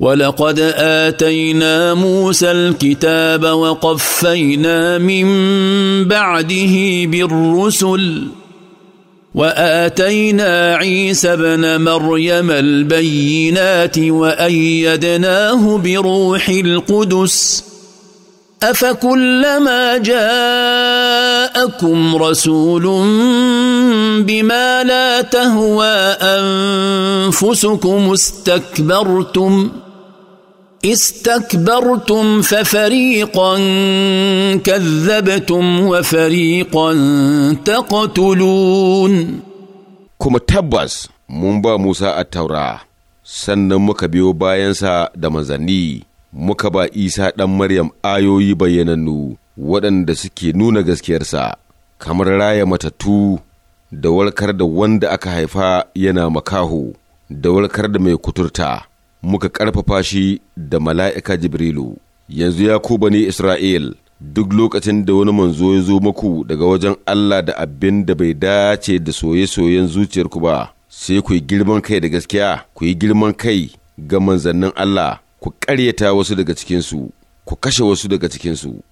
ولقد اتينا موسى الكتاب وقفينا من بعده بالرسل واتينا عيسى ابن مريم البينات وايدناه بروح القدس افكلما جاءكم رسول بما لا تهوى انفسكم استكبرتم استكبرتم ففريقا كذبتم وفريقا تقتلون kuma tabbas mun ba Musa a taura sannan muka biyo bayansa da manzanni muka ba Isa ɗan Maryam ayoyi bayyanannu waɗanda suke nuna gaskiyarsa kamar raya Matatu da warkar da wanda aka haifa yana makaho da warkar da mai kuturta muka ƙarfafa shi da mala'ika Jibrilu, yanzu ya ku bani Isra'il, duk lokacin da wani manzo ya zo muku daga wajen Allah da abin da bai dace da soye-soyen zuciyarku ba, sai ku yi girman kai da gaskiya, ku yi girman kai ga manzannin Allah, ku ƙaryata wasu daga cikinsu, ku kashe wasu daga cikinsu.